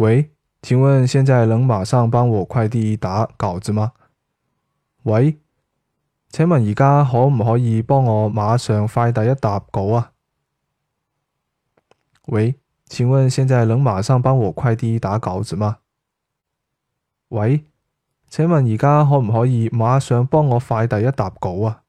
喂，請問現在能馬上幫我快遞一疊稿子嗎？喂，請問而家可唔可以幫我馬上快遞一沓稿啊？喂，請問現在能馬上幫我快遞一疊稿子嗎？喂，請問而家可唔可以馬上幫我快遞一沓稿啊？